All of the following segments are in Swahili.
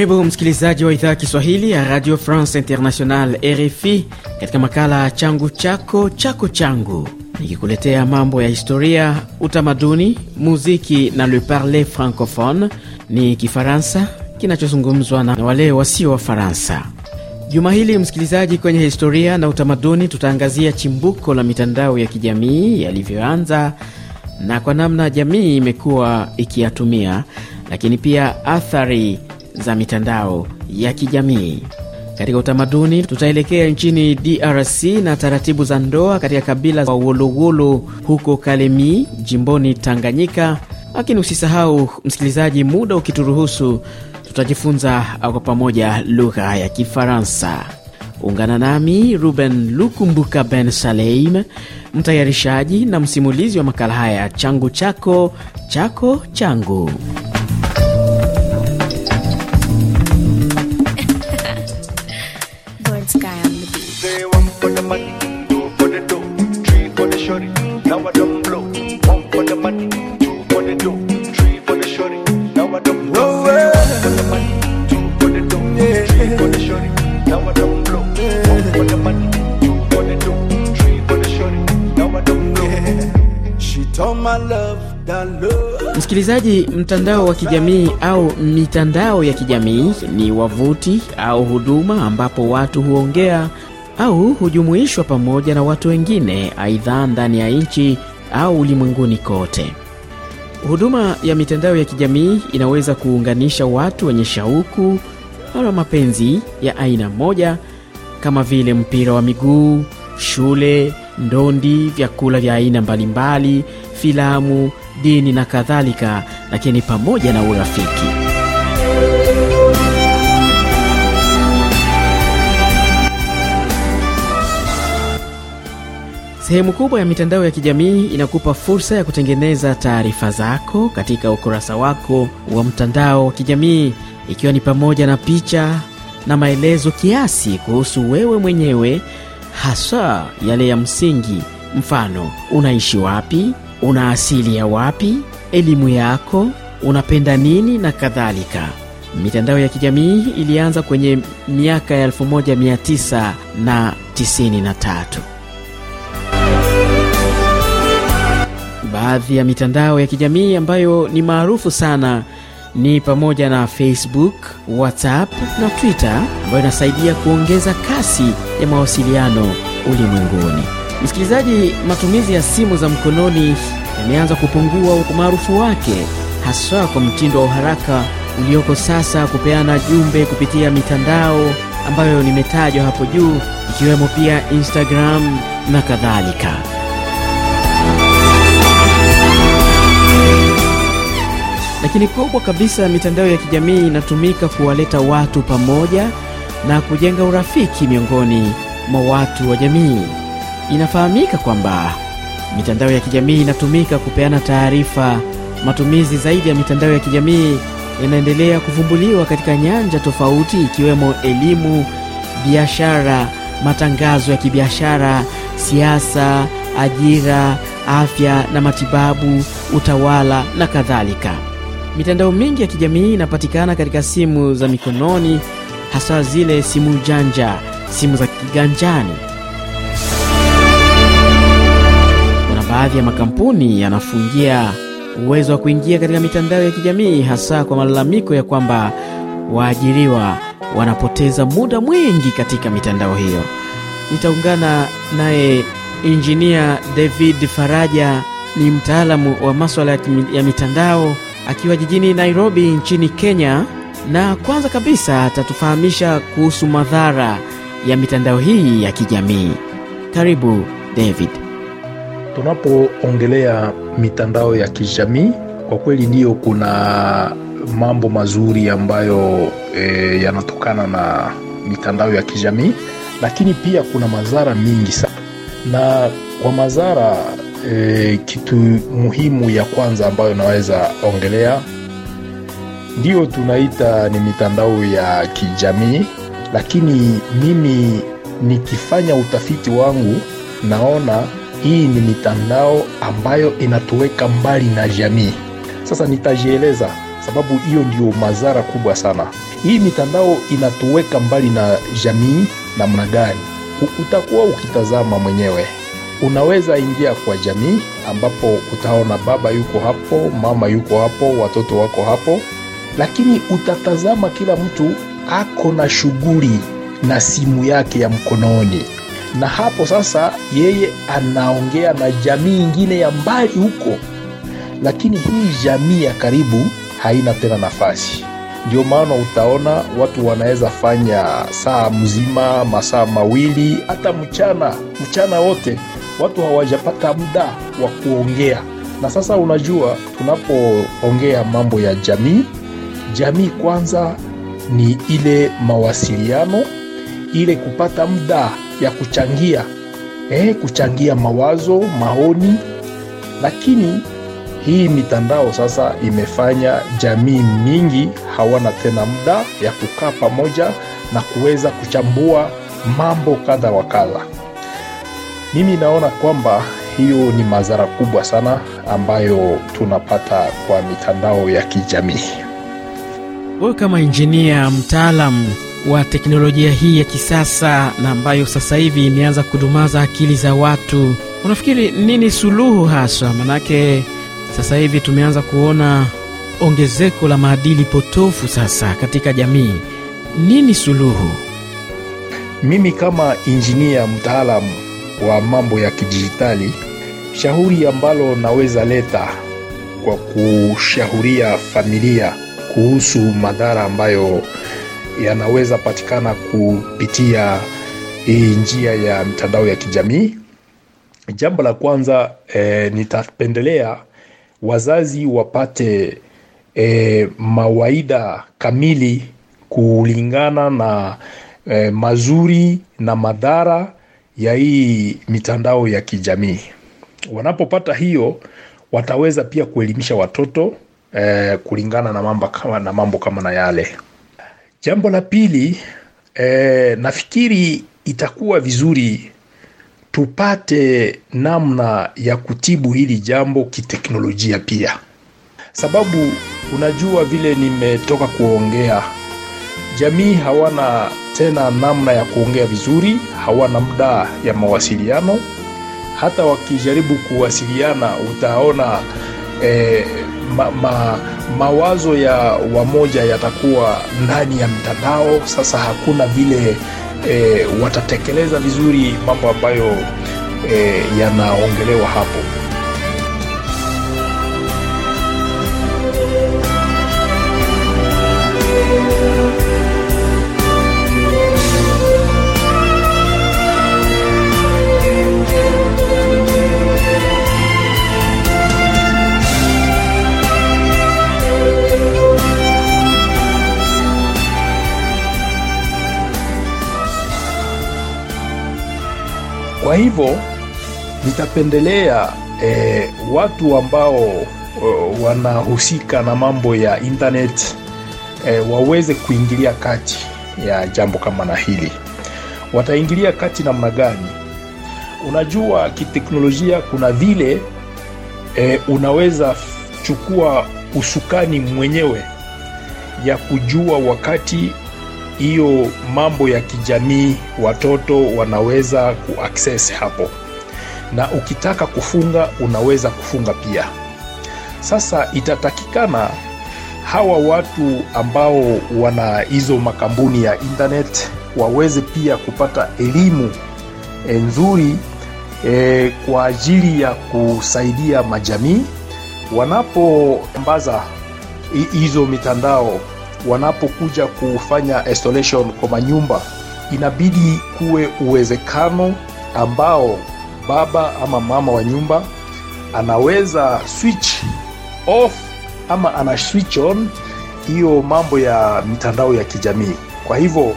Karibu msikilizaji wa idhaa Kiswahili ya Radio France International, RFI, katika makala changu chako chako changu, nikikuletea mambo ya historia, utamaduni, muziki na le parle francophone, ni Kifaransa kinachozungumzwa na wale wasio wa Faransa. Juma hili msikilizaji, kwenye historia na utamaduni, tutaangazia chimbuko la mitandao ya kijamii yalivyoanza na kwa namna jamii imekuwa ikiyatumia, lakini pia athari za mitandao ya kijamii. Katika utamaduni tutaelekea nchini DRC na taratibu za ndoa katika kabila wa Wolowolo huko Kalemi jimboni Tanganyika. Lakini usisahau msikilizaji, muda ukituruhusu, tutajifunza kwa pamoja lugha ya Kifaransa. Ungana nami Ruben Lukumbuka Ben Saleim, mtayarishaji na msimulizi wa makala haya, changu chako chako changu. shorty, now I don't blow. One for the money, two for the dough, three for the shorty, now I don't blow. One for the money, two for the dough, three for the shorty, now I don't blow. One for the money, two for the dough, three for the shorty, now I don't blow. She told my love Msikilizaji, mtandao wa kijamii au mitandao ya kijamii ni wavuti au huduma ambapo watu huongea au hujumuishwa pamoja na watu wengine, aidha ndani ya nchi au ulimwenguni kote. Huduma ya mitandao ya kijamii inaweza kuunganisha watu wenye shauku ama mapenzi ya aina moja kama vile mpira wa miguu, shule, ndondi, vyakula vya aina mbalimbali, filamu, dini na kadhalika, lakini pamoja na urafiki. Sehemu kubwa ya mitandao ya kijamii inakupa fursa ya kutengeneza taarifa zako katika ukurasa wako wa mtandao wa kijamii, ikiwa ni pamoja na picha na maelezo kiasi kuhusu wewe mwenyewe, hasa yale ya msingi, mfano unaishi wapi, una asili ya wapi, elimu yako, unapenda nini na kadhalika. Mitandao ya kijamii ilianza kwenye miaka ya 1993. baadhi ya mitandao ya kijamii ambayo ni maarufu sana ni pamoja na Facebook, WhatsApp na Twitter ambayo inasaidia kuongeza kasi ya mawasiliano ulimwenguni. Msikilizaji, matumizi ya simu za mkononi yameanza kupungua umaarufu wake, haswa kwa mtindo wa uharaka ulioko sasa, kupeana jumbe kupitia mitandao ambayo nimetajwa hapo juu, ikiwemo pia Instagram na kadhalika. Lakini kubwa kabisa, mitandao ya kijamii inatumika kuwaleta watu pamoja na kujenga urafiki miongoni mwa watu wa jamii. Inafahamika kwamba mitandao ya kijamii inatumika kupeana taarifa. Matumizi zaidi ya mitandao ya kijamii yanaendelea kuvumbuliwa katika nyanja tofauti, ikiwemo elimu, biashara, matangazo ya kibiashara, siasa, ajira, afya na matibabu, utawala na kadhalika. Mitandao mingi ya kijamii inapatikana katika simu za mikononi, hasa zile simu janja, simu za kiganjani. Kuna baadhi ya makampuni yanafungia uwezo wa kuingia katika mitandao ya kijamii, hasa kwa malalamiko ya kwamba waajiriwa wanapoteza muda mwingi katika mitandao hiyo. Nitaungana naye Injinia David Faraja, ni mtaalamu wa maswala ya mitandao akiwa jijini Nairobi nchini Kenya, na kwanza kabisa atatufahamisha kuhusu madhara ya mitandao hii ya kijamii. Karibu David. Tunapoongelea mitandao ya kijamii, kwa kweli ndiyo kuna mambo mazuri ambayo e, yanatokana na mitandao ya kijamii, lakini pia kuna madhara mingi sana, na kwa madhara e, kitu muhimu ya kwanza ambayo naweza ongelea ndiyo tunaita ni mitandao ya kijamii, lakini mimi nikifanya utafiti wangu naona hii ni mitandao ambayo inatuweka mbali na jamii. Sasa nitajieleza sababu hiyo ndio madhara kubwa sana. Hii mitandao inatuweka mbali na jamii namna gani? Utakuwa ukitazama mwenyewe Unaweza ingia kwa jamii ambapo utaona baba yuko hapo, mama yuko hapo, watoto wako hapo, lakini utatazama kila mtu ako na shughuli na simu yake ya mkononi, na hapo sasa yeye anaongea na jamii ingine ya mbali huko, lakini hii jamii ya karibu haina tena nafasi. Ndio maana utaona watu wanaweza fanya saa mzima, masaa mawili, hata mchana mchana wote watu hawajapata muda wa kuongea. Na sasa unajua, tunapoongea mambo ya jamii, jamii kwanza ni ile mawasiliano, ile kupata muda ya kuchangia eh, kuchangia mawazo, maoni. Lakini hii mitandao sasa imefanya jamii mingi hawana tena muda ya kukaa pamoja na kuweza kuchambua mambo kadha wa kadha. Mimi naona kwamba hiyo ni madhara kubwa sana ambayo tunapata kwa mitandao ya kijamii. Wewe kama injinia mtaalam wa teknolojia hii ya kisasa na ambayo sasa hivi imeanza kudumaza akili za watu, unafikiri nini suluhu haswa? Manake sasa hivi tumeanza kuona ongezeko la maadili potofu sasa katika jamii. Nini suluhu? Mimi kama injinia mtaalamu wa mambo ya kidijitali, shauri ambalo naweza leta kwa kushauria familia kuhusu madhara ambayo yanaweza patikana kupitia hii njia ya mitandao ya kijamii. Jambo la kwanza e, nitapendelea wazazi wapate e, mawaida kamili kulingana na e, mazuri na madhara ya hii mitandao ya kijamii. Wanapopata hiyo, wataweza pia kuelimisha watoto eh, kulingana na mambo kama na mambo kama na yale. Jambo la pili eh, nafikiri itakuwa vizuri tupate namna ya kutibu hili jambo kiteknolojia pia, sababu unajua vile nimetoka kuongea jamii hawana tena namna ya kuongea vizuri, hawana muda ya mawasiliano. Hata wakijaribu kuwasiliana utaona eh, ma, ma, mawazo ya wamoja yatakuwa ndani ya mtandao. Sasa hakuna vile eh, watatekeleza vizuri mambo ambayo eh, yanaongelewa hapo. Kwa hivyo nitapendelea e, watu ambao e, wanahusika na mambo ya internet e, waweze kuingilia kati ya jambo kama na hili. Wataingilia kati namna gani? Unajua, kiteknolojia kuna vile e, unaweza chukua usukani mwenyewe ya kujua wakati hiyo mambo ya kijamii watoto wanaweza kuaccess hapo na ukitaka kufunga unaweza kufunga pia sasa itatakikana hawa watu ambao wana hizo makampuni ya internet waweze pia kupata elimu e, nzuri e, kwa ajili ya kusaidia majamii wanapoambaza hizo mitandao wanapokuja kufanya installation kwa manyumba, inabidi kuwe uwezekano ambao baba ama mama wa nyumba anaweza switch off ama ana switch on hiyo mambo ya mitandao ya kijamii. Kwa hivyo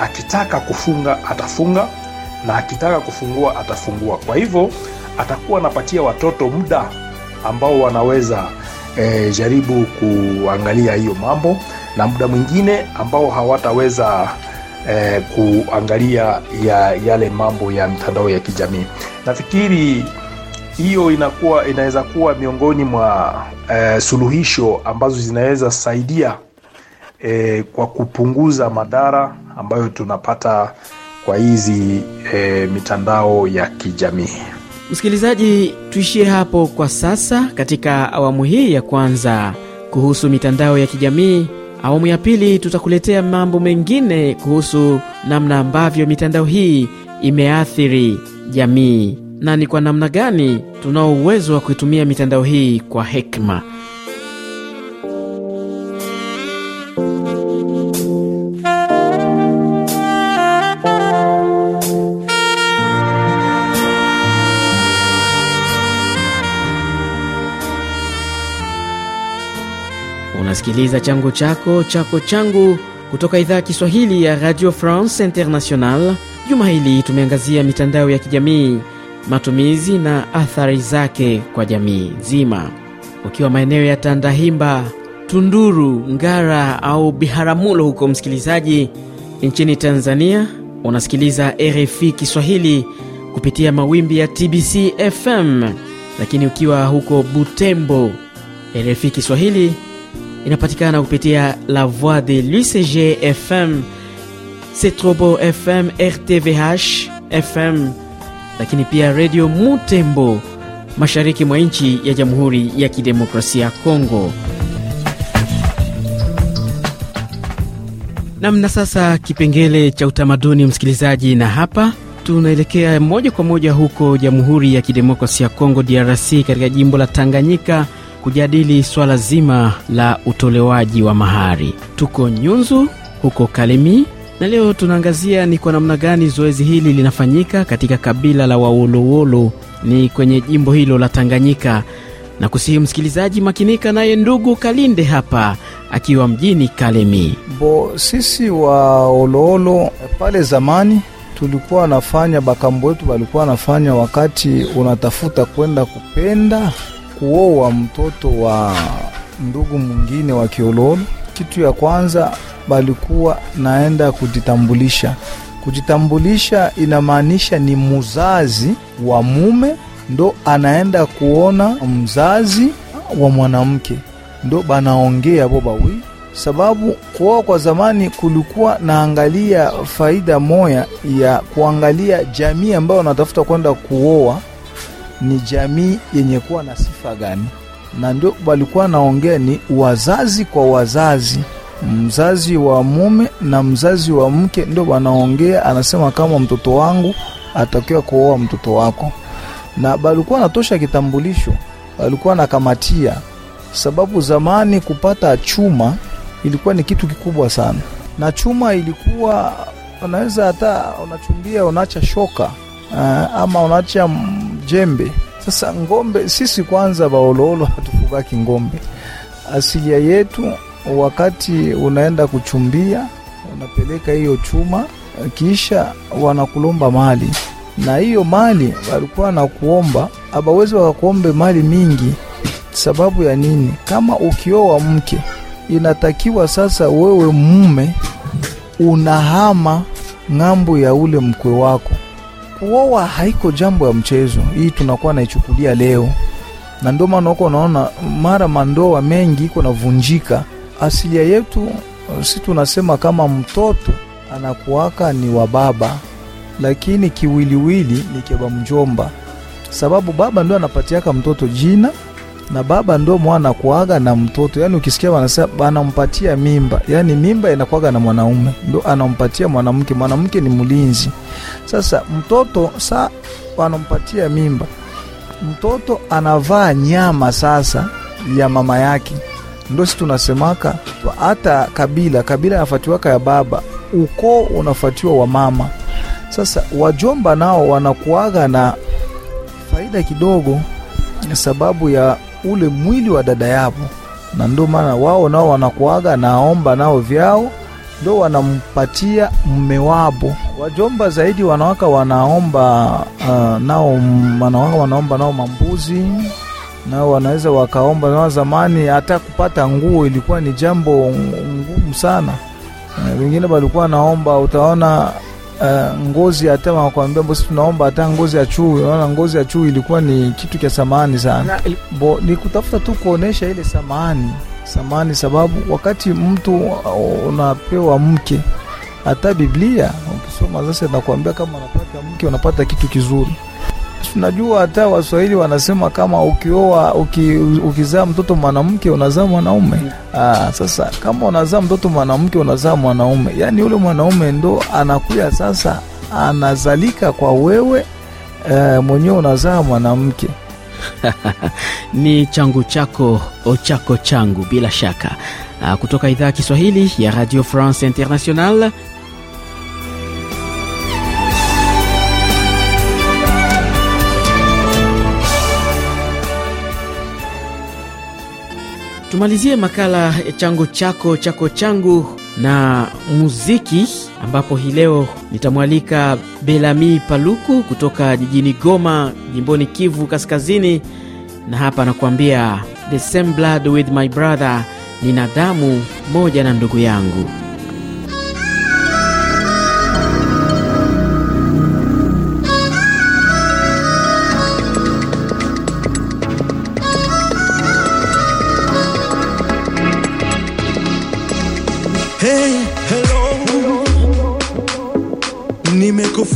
akitaka kufunga atafunga na akitaka kufungua atafungua. Kwa hivyo atakuwa anapatia watoto muda ambao wanaweza eh, jaribu kuangalia hiyo mambo na muda mwingine ambao hawataweza eh, kuangalia ya, yale mambo ya mitandao ya kijamii nafikiri hiyo inakuwa inaweza kuwa miongoni mwa eh, suluhisho ambazo zinaweza saidia eh, kwa kupunguza madhara ambayo tunapata kwa hizi eh, mitandao ya kijamii. Msikilizaji, tuishie hapo kwa sasa katika awamu hii ya kwanza kuhusu mitandao ya kijamii Awamu ya pili tutakuletea mambo mengine kuhusu namna ambavyo mitandao hii imeathiri jamii na ni kwa namna gani tunao uwezo wa kuitumia mitandao hii kwa hekma Unasikiliza changu chako chako changu kutoka idhaa ya Kiswahili ya Radio France International. Juma hili tumeangazia mitandao ya kijamii, matumizi na athari zake kwa jamii nzima. Ukiwa maeneo ya Tandahimba, Tunduru, Ngara au Biharamulo huko msikilizaji nchini Tanzania, unasikiliza RFI Kiswahili kupitia mawimbi ya TBC FM, lakini ukiwa huko Butembo, RFI Kiswahili inapatikana kupitia La Voix de l'UCG FM, Setrobo FM, RTVH FM, lakini pia redio Mutembo mashariki mwa nchi ya Jamhuri ya Kidemokrasia ya Kongo. Namna sasa kipengele cha utamaduni, msikilizaji, na hapa tunaelekea moja kwa moja huko Jamhuri ya Kidemokrasia ya Kongo DRC, katika jimbo la Tanganyika kujadili swala zima la utolewaji wa mahari. Tuko Nyunzu huko Kalemi, na leo tunaangazia ni kwa namna gani zoezi hili linafanyika katika kabila la Wawolowolo, ni kwenye jimbo hilo la Tanganyika, na kusihi msikilizaji makinika naye ndugu Kalinde hapa akiwa mjini Kalemi. Bo, sisi Waolowolo pale zamani tulikuwa nafanya, bakambo wetu walikuwa wanafanya, wakati unatafuta kwenda kupenda kuoa mtoto wa ndugu mwingine wa Kiololo, kitu ya kwanza balikuwa naenda kujitambulisha. Kujitambulisha inamaanisha ni mzazi wa mume ndo anaenda kuona mzazi wa mwanamke, ndo banaongea bo bawi sababu kuoa kwa zamani kulikuwa naangalia faida moya ya kuangalia jamii ambayo wanatafuta kwenda kuoa ni jamii yenye kuwa na sifa gani, na ndio walikuwa naongea ni wazazi kwa wazazi, mzazi wa mume na mzazi wa mke, ndio wanaongea. Anasema kama mtoto wangu atakiwa kuoa mtoto wako, na balikuwa natosha kitambulisho, walikuwa nakamatia, sababu zamani kupata chuma ilikuwa ni kitu kikubwa sana, na chuma ilikuwa unaweza hata unachumbia unaacha shoka, uh, ama unaacha jembe. Sasa ngombe, sisi kwanza baololo hatufugaki ngombe, asilia yetu. Wakati unaenda kuchumbia, unapeleka hiyo chuma, kisha wanakulomba mali, na hiyo mali walikuwa na kuomba, abawezi wakakuombe mali mingi. Sababu ya nini? Kama ukioa mke, inatakiwa sasa wewe mume unahama ng'ambo ya ule mkwe wako kuoa haiko jambo ya mchezo, hii tunakuwa naichukulia leo, na ndio maana uko unaona mara mandoa mengi iko navunjika. Asilia yetu si tunasema kama mtoto anakuwaka ni wa baba, lakini kiwiliwili ni kiba mjomba, sababu baba ndio anapatiaka mtoto jina na baba ndo mwana kuaga na mtoto. Yani ukisikia wanasema anampatia mimba, yani mimba inakuaga na mwanaume ndo anampatia mwanamke. Mwanamke ni mlinzi. Sasa mtoto sa anampatia mimba, mtoto anavaa nyama sasa ya mama yake, ndo si tunasemaka hata kabila kabila inafuatiwaka ya baba, ukoo unafatiwa wa mama. Sasa wajomba nao wanakuaga na faida kidogo, sababu ya ule mwili wa dada yapo, na ndio maana wao nao wanakuaga naomba nao vyao ndo wanampatia mme wapo. Wajomba zaidi wanawaka wanaomba uh, nao wanawaka wanaomba nao mambuzi nao wanaweza wakaomba nao. Zamani hata kupata nguo ilikuwa ni jambo ngumu sana. Eh, wengine walikuwa naomba, utaona uh, ngozi ya tema wakwambia bosi, tunaomba hata ngozi ya chui. Unaona, ngozi ya chui ilikuwa ni kitu cha samani sana, bo ni kutafuta tu kuonesha ile samani samani, sababu wakati mtu uh, unapewa mke, hata Biblia ukisoma sasa, nakwambia kama unapata mke unapata kitu kizuri tunajua hata Waswahili wanasema kama ukioa uki, ukizaa mtoto mwanamke unazaa mwanaume. ah, sasa kama unazaa mtoto mwanamke unazaa mwanaume, yaani yule mwanaume ndo anakuya sasa anazalika kwa wewe eh, mwenyewe unazaa mwanamke ni changu chako ochako changu, bila shaka ah, kutoka idhaa ya Kiswahili ya Radio France Internationale. Tumalizie makala ya changu chako chako changu na muziki, ambapo hii leo nitamwalika Belami Paluku kutoka jijini Goma, jimboni Kivu Kaskazini, na hapa anakuambia the same blood with my brother, nina damu moja na ndugu yangu.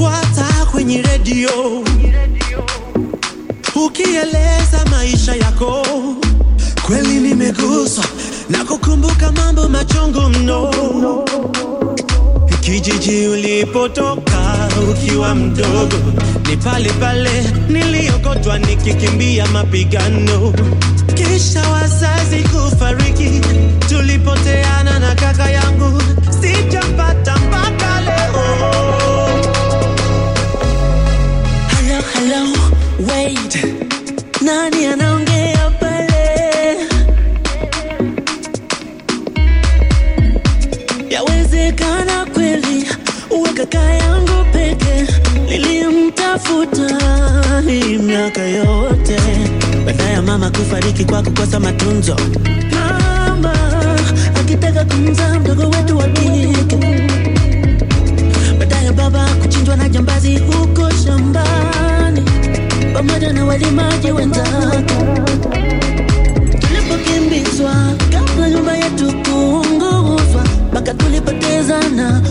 kufuata kwenye redio, ukieleza maisha yako. Kweli nimeguswa na kukumbuka mambo machungu mno, kijiji ulipotoka ukiwa mdogo ni pale pale niliokotwa nikikimbia mapigano, kisha wazazi kufariki wasemaje wenzako tulipokimbizwa kabla nyumba yetu kuunguzwa mpaka tulipotezana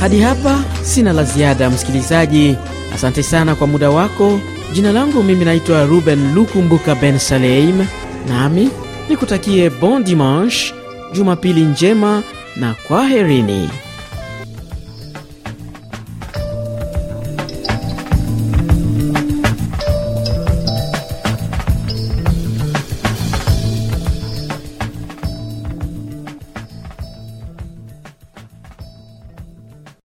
Hadi hapa sina la ziada, msikilizaji. Asante sana kwa muda wako. Jina langu mimi naitwa Ruben Lukumbuka Ben Saleim, nami nikutakie bon dimanche, Jumapili njema na kwaherini.